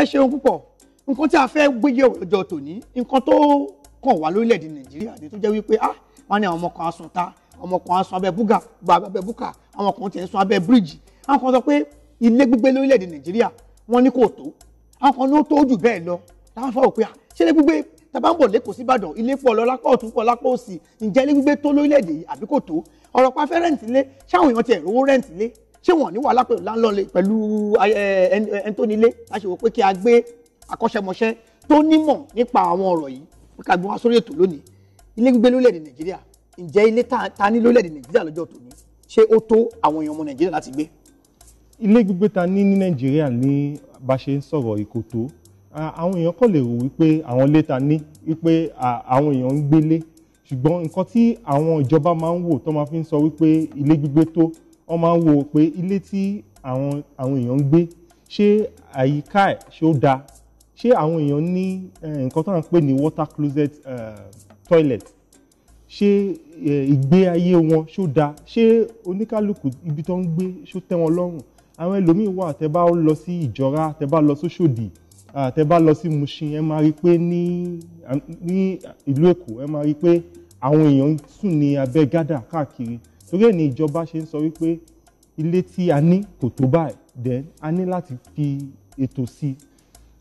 ẹ ṣeun púpọ̀ nǹkan tí a fẹ́ gbéyẹ̀ ọjọ́ tòní nǹkan tó kàn wá lórílẹ̀‐èdè nàìjíríà ni tó jẹ́ wípé ah wọ́n ní àwọn ọmọ kan asun ta ọmọ kan asun abẹ́ búgà gba abẹ́ búkà àwọn kan tiẹ̀ sun abẹ́ bíríìjì àwọn kan sọ pé ilé gbígbé lórílẹ̀‐èdè nàìjíríà wọ́n ní kò tó àwọn kan ló tó jù bẹ́ẹ̀ lọ táwọn fọwọ́ pé ah ṣé ilé gbígbé tàbá ń bọ̀ lẹ́kọ̀ọ́ sí ìbàdàn ilé pọ̀ lọ lápá ọ̀tún pọ̀ lápá òsì ǹjẹ́ ilé gbígbé tó lórílẹ̀‐èdè yìí àbí kò tó ọ̀rọ̀ pa fẹ́ rẹ́ǹtì lé ṣáwọn èèyàn tiẹ̀ rówó rẹ́ǹtì lé ṣé wọn ní wàhálà pẹ̀lú láńlọ́ọ̀lẹ̀ pẹ̀lú ẹni tó nílé láti wò pé kí a gbé akọ́ṣẹ́mọṣẹ́ tó nímọ̀ nípa àwọn ọ̀rọ̀ yìí pé ká gbé wọn sórí ètò lónìí ilé gbígbé lólẹ̀-èdè nàìjíríà ǹjẹ́ ilé ta ní lólẹ̀-èdè nàìjíríà lọ́jọ́ tòní ṣé ó tó àwọn èèyàn ọmọ nàìjíríà láti gbé. ilé gbígbé ta ní ní nàìjíríà ní bá ṣe ń sọ̀rọ̀ ìkòtó àwọn èèyàn kò lè rò wípé àwọn ilé ta ní wípé àwọn èèyàn ń gbélé ṣùgbọ́n nǹkan tí àwọn ìjọba máa ń wò tó máa fi ń sọ wípé ilé gbígbé tó wọ́n máa ń wo pé ilé tí àwọn àwọn èèyàn ń gbé ṣé àyíká ẹ̀ ṣé ó dáa ṣé àwọn èèyàn ní eh, nǹkan tó ń pè ní water closet eh, toilet ṣé eh, ìgbé ayé wọn ṣó dáa ṣé oníkálukú ibi tó ń gbé ṣó tẹ́ wọn lọ́rùn àwọn ẹlòmíín wà tẹ́ bá lọ sí ìjọra tẹ́ bá lọ sóṣòdì tẹ́ bá lọ sí Mushin ẹ máa rí pé ní ìlú Èkó ẹ máa rí pé àwọn èèyàn sùn ní abẹ́ gádà káàkiri torí ẹ̀ ni ìjọba ṣe ń sọ wípé ilé tí a ní kò tó báyìí then a ní láti fi ètò sí i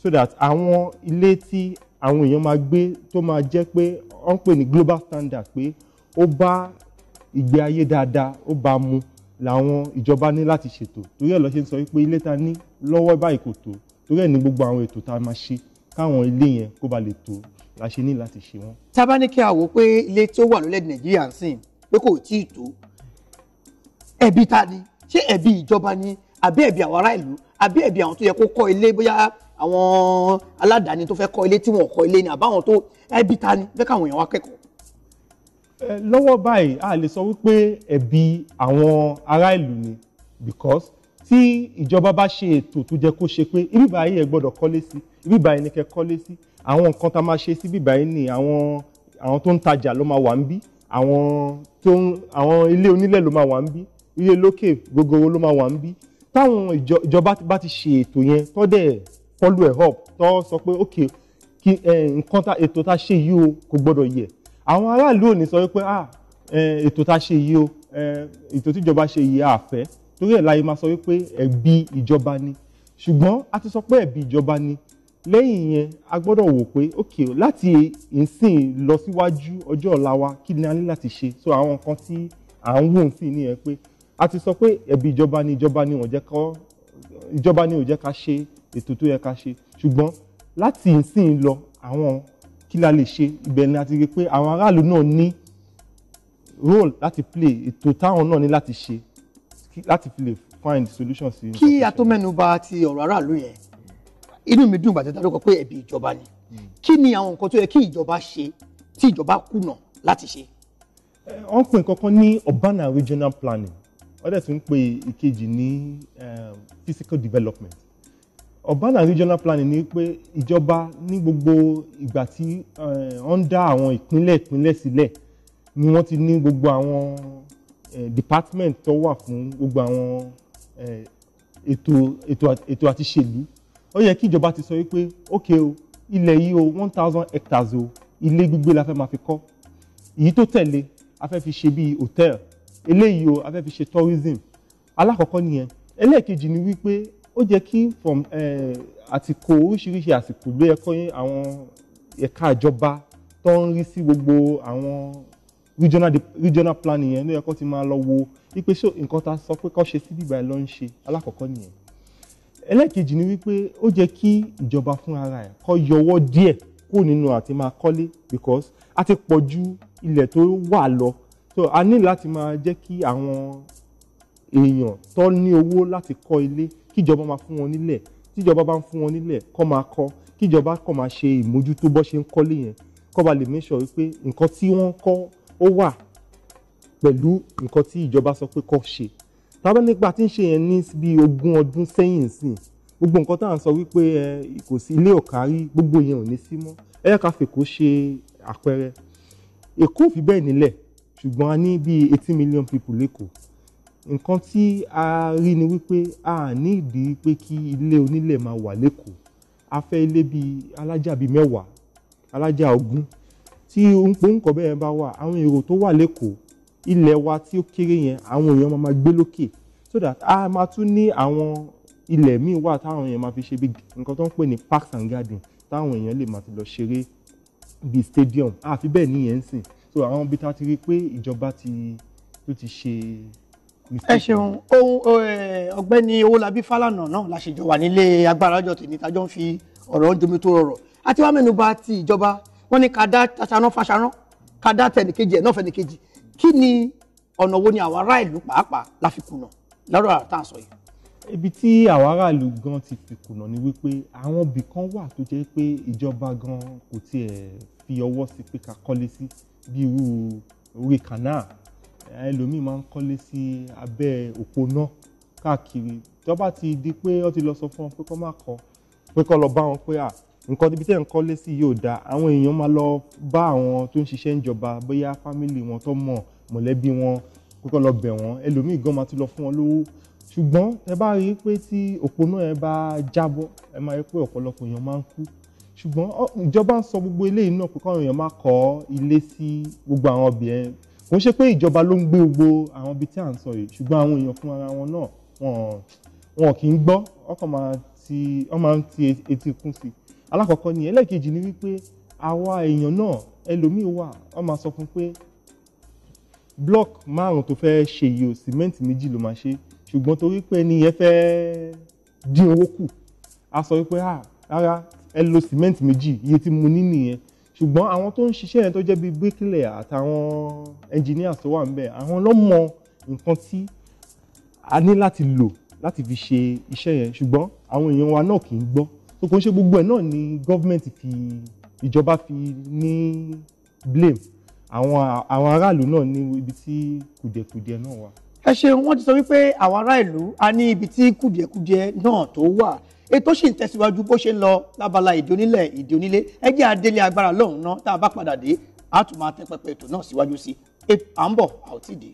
so that àwọn ilé tí àwọn èèyàn máa gbé tó máa jẹ́ pé wọ́n pè ní global standard pé ó bá ìgbé ayé dáadáa ó bá mu làwọn ìjọba ní láti ṣètò torí ẹ̀ ló ṣe ń sọ wípé ilé ta ní lọ́wọ́ báyìí kò tó torí ẹ̀ ní gbogbo àwọn ètò tá a máa ṣe káwọn ilé yẹn kó ba lè tó la ṣe ní láti ṣe wọn. tá a pé ilé tó wà lólẹ̀ nàìjíríà ń sìn pé kò tí ì tó ẹ̀bi ta ni ṣé ẹ̀bi ìjọba ni àbí ẹ̀bi àwọn ará ìlú àbí ẹ̀bi àwọn tó yẹ kó kọ́ ilé bóyá àwọn aládàáni tó fẹ́ kọ́ ilé tí wọ́n kọ́ ilé ni àbáwọn tó ẹ̀bi ta ni bẹ́ẹ̀ káwọn èèyàn wá kẹ́kọ̀ọ́. lọ́wọ́ báyìí a lè sọ wípé ẹ̀bi àwọn ará ìlú ni because tí ìjọba bá ṣe ètò tó jẹ́ kó ṣe pé ibi báyìí ẹ gbọ́dọ̀ kọ́lé sí ibi báyìí ni kẹ́ kọ́lé sí àwọn nǹkan tá a máa ṣe sí ibi báyìí ni àwọn àwọn tó ń tajà ló máa wà ń bí àwọn tó ń àwọn ilé onílẹ̀ ló máa wà ń bí ilé lókè gogoro ló máa wà ń bí táwọn ìjọba bá ti ṣe ètò yẹn tó dẹ̀ follow ẹ̀ up tó sọ pé ok kí nǹkan ta ètò ta ṣe yìí o kò gbọ́dọ̀ yẹ̀ àwọn aráàlú ò ní sọ pé ah ètò ta ṣe yìí o ètò tíjọba ṣe yìí àfẹ́ torí ẹ̀ láyé máa sọ wípé ẹ̀bi ìjọba ni ṣùgbọ́n a ti sọ pé ẹ̀bi ìjọba ni lẹ́yìn yẹn a gbọ́dọ̀ wò pé ok láti ìsìn lọ síwájú ọjọ́ ọ̀la wa kí ni a ní láti ṣe so àwọn nǹkan tí à ń wò ń sìn nìyẹn pé a ti sọ pé ẹ̀bi ìjọba ni ìjọba ni wọ́n jẹ́ ká ìjọba ni ò jẹ́ ká ṣe ètò tó yẹ ká ṣe ṣùgbọ́n láti ìsìn lọ àwọn kí la lè ṣe ibẹ̀ ni a ti rí pé àwọn aráàlú náà ní role láti play ètò táwọn náà ní láti ṣe láti fi lè find solution sí. kí a tó mẹ́nu bà ti ọ̀rọ̀ aráàlú yẹn inú mi dùn bàtẹ́ dárúkọ pé ẹ̀bi ìjọba ni kí ni àwọn nǹkan tó yẹ kí ìjọba ṣe tí ìjọba kùnà láti ṣe. wọ́n pè nǹkan ní urban regional planning wọ́n dẹ̀ tún ń pe ìkejì ní ehm, physical development urban and regional planning ni pé ìjọba ní gbogbo ìgbà tí eh, wọ́n ń dá àwọn ìpínlẹ̀ ìpínlẹ̀ sílẹ̀ ni wọ́n ti ní gbogbo àwọn eh, department tó wà fún gbogbo àwọn eh, ètò ètò àti ṣèlú ó yẹ kí ìjọba ti sọ wípé ókè o ilẹ̀ yìí o one thousand hectares o ilé gbígbé la fẹ́ máa fi kọ́ èyí tó tẹ̀lé a fẹ́ fi ṣe bíi hòtẹ́ẹ̀lì eléyìí o a fẹ́ fi ṣe tourism alákọ̀ọ́kọ́ nìyẹn ẹlẹ́ẹ̀kejì ni wípé ó jẹ́ kí from àsìkò oríṣiríṣi àsìkò ló yẹ kọ́ àwọn ẹ̀ka ìjọba tó ń rí sí gbogbo àwọn regional regional planning yẹn ló yẹ kó ti máa lọ wo wípé ṣó nǹkan ta sọ pé kó ṣe síbí ìgbà ló ń ṣe alákọ̀ọ́kọ́ nìyẹn ẹlẹ́ẹ̀kejì ni wípé ó jẹ́ kí ìjọba fúnra ẹ̀ kó yọwọ́ díẹ̀ kúrò nínú àti máa kọ́lé because a ti pọ̀ ju ilẹ̀ tó wà lọ so a ní láti máa jẹ́ kí àwọn èèyàn tó ní owó láti kọ́ ilé kíjọba máa fún wọn nílẹ̀ tíjọba bá ń fún wọn nílẹ̀ kọ́ máa kọ́ kíjọba kọ́ máa ṣe ìmójútó bó ṣe ń kọ́lé yẹn kọ́ ba lè make sure wípé nǹkan tí wọ́n kọ́ ó wà pẹ̀lú nǹkan tí ìjọba sọ pé kọ́ ṣe tàbí nípa tí ń ṣe yẹn ní bí ogún ọdún sẹ́yìn sí gbogbo nǹkan tá à ń sọ wípé kò sí ilé òkárí gbogbo yẹn ò ní sí mọ́ ẹ̀yà káfíńkò ṣe àpẹẹrẹ Èkó ò fi bẹ́ẹ̀ nílẹ̀ ṣùgbọ́n a ní bíi eighty million people lẹ́kọ̀ọ́ nǹkan tí a rí ni wípé a ní ìdí pé kí ilé onílẹ̀ máa wà lẹ́kọ̀ọ́ a fẹ́ ilé bíi alájà bíi mẹ́wàá alájà ogún tí òǹkọ̀ bẹ́ẹ̀ bá wà àwọn èrò tó wà lẹ́kọ̀ọ́ ilẹ̀ wa tí ó kéré yẹn àwọn èèyàn máa gbé lókè so that a máa tún ní àwọn ilẹ̀ míì wà táwọn èèyàn máa fi ṣe bíi nǹkan tó ń pè ní parks and gardens táwọn èèyàn lè máa ti lọ ṣeré bíi stadium àfi bẹ́ẹ̀ níyẹn ń sìn so àwọn ibi tá a ti rí i pé ìjọba ti ló ti ṣe. ẹ ṣeun ohun eh, ọ̀gbẹ́ni Owólabí Fálànà náà la ṣèjọ wà nílé agbára ọjọ́ tèmi tájọ ń fi ọ̀rọ̀ jomi tó rọrọ̀ àti wàá mẹ́nuba ti ìjọba wọ́n ní ká dá aṣaná fàṣaná ká dá tẹnìkejì ẹ̀ náà fẹnìkejì kí ni ọ̀nà wo ni àwa ará ìlú pàápàá la fi kùnà lọ́rọ̀ àtàǹsọ yìí ibi tí àwọn aráàlú gan ti fi kùnà ni wípé àwọn ibì kan wà tó jẹ́ pé ìjọba gan kò tiẹ̀ fi ọwọ́ sí pé ká kọ́lé sí bí irú orí canal ẹlòmíì máa ń kọ́lé sí abẹ́ òponá káàkiri tó bá ti di pé ó ti lọ sọ fún wọn pé kó má kọ́ pé kó lọ bá wọn pé à nǹkan ibi tẹ́ ń kọ́lé sí yóò da àwọn èèyàn máa lọ bá àwọn tó ń ṣiṣẹ́ ìjọba bóyá fámìlì wọn tó mọ̀ mọ̀lẹ́bí wọn pé kó lọ bẹ̀ wọ́n ẹlòmíì gan máa ti lọ fún wọn lówó ṣùgbọ́n ẹ bá rí i pé tí òponá ẹ bá jábọ́ ẹ máa rí i pé ọ̀pọ̀lọpọ̀ èèyàn máa ń kú ṣùgbọ́n ìjọba ń sọ gbogbo eléyìí náà pé káwọn èèyàn máa kọ́ ilé sí gbogbo àwọn obìnrin kò ń ṣe pé ìjọba ló ń gbé gbogbo àwọn ibi tí à ń sọ yìí ṣùgbọ́n àwọn èèyàn fún ara wọn náà wọn kì í gbọ́ ọkàn máa ti wọ́n máa ń ti e, etí kún sí i alákọ̀ọ́kọ́ ni ẹlẹ́ẹ̀kejì ni wípé àwa èèyàn náà ẹlòmíín wà wọ́n máa sọ fún pé block márùn tó fẹ́ ṣe yìí o sìmẹ́ǹtì méjì ló máa ṣe ṣùgbọ́n torí pé ẹni yẹn fẹ́ dín owó kù a sọ wípé rárá ẹ lo cement méjì iye tí mo ní nìyẹn ṣùgbọ́n àwọn tó ń ṣiṣẹ́ yẹn tó jẹ́ bíi bricklayer àtàwọn engineers tó wà ń bẹ̀ àwọn ló mọ nǹkan tí a ní láti lò láti fi ṣe iṣẹ́ yẹn ṣùgbọ́n àwọn èèyàn wa náà kì í gbọ́ tó kò ń ṣe gbogbo ẹ̀ náà ni gọ́ọ̀mẹ̀ntì fi ìjọba fi ní blame àwọn àwọn aráàlú náà ní ibi tí kùdìẹ̀kùdìẹ̀ náà wà. ẹ ṣeun wọn ti sọ wípé àwọn ará a ní ibi tí kùdìẹ̀kùdìẹ̀ náà tó wà ètò sì ń tẹ̀síwájú bó ṣe ń lọ lábala ìdí onílẹ̀ ìdí onílé ẹgbẹ́ adélé agbára lọ́hùn-ún ná tá a bá padà dé a tún máa tẹ́ pẹpẹ ètò náà síwájú sí i à ń bọ̀ a ò tí ì dé.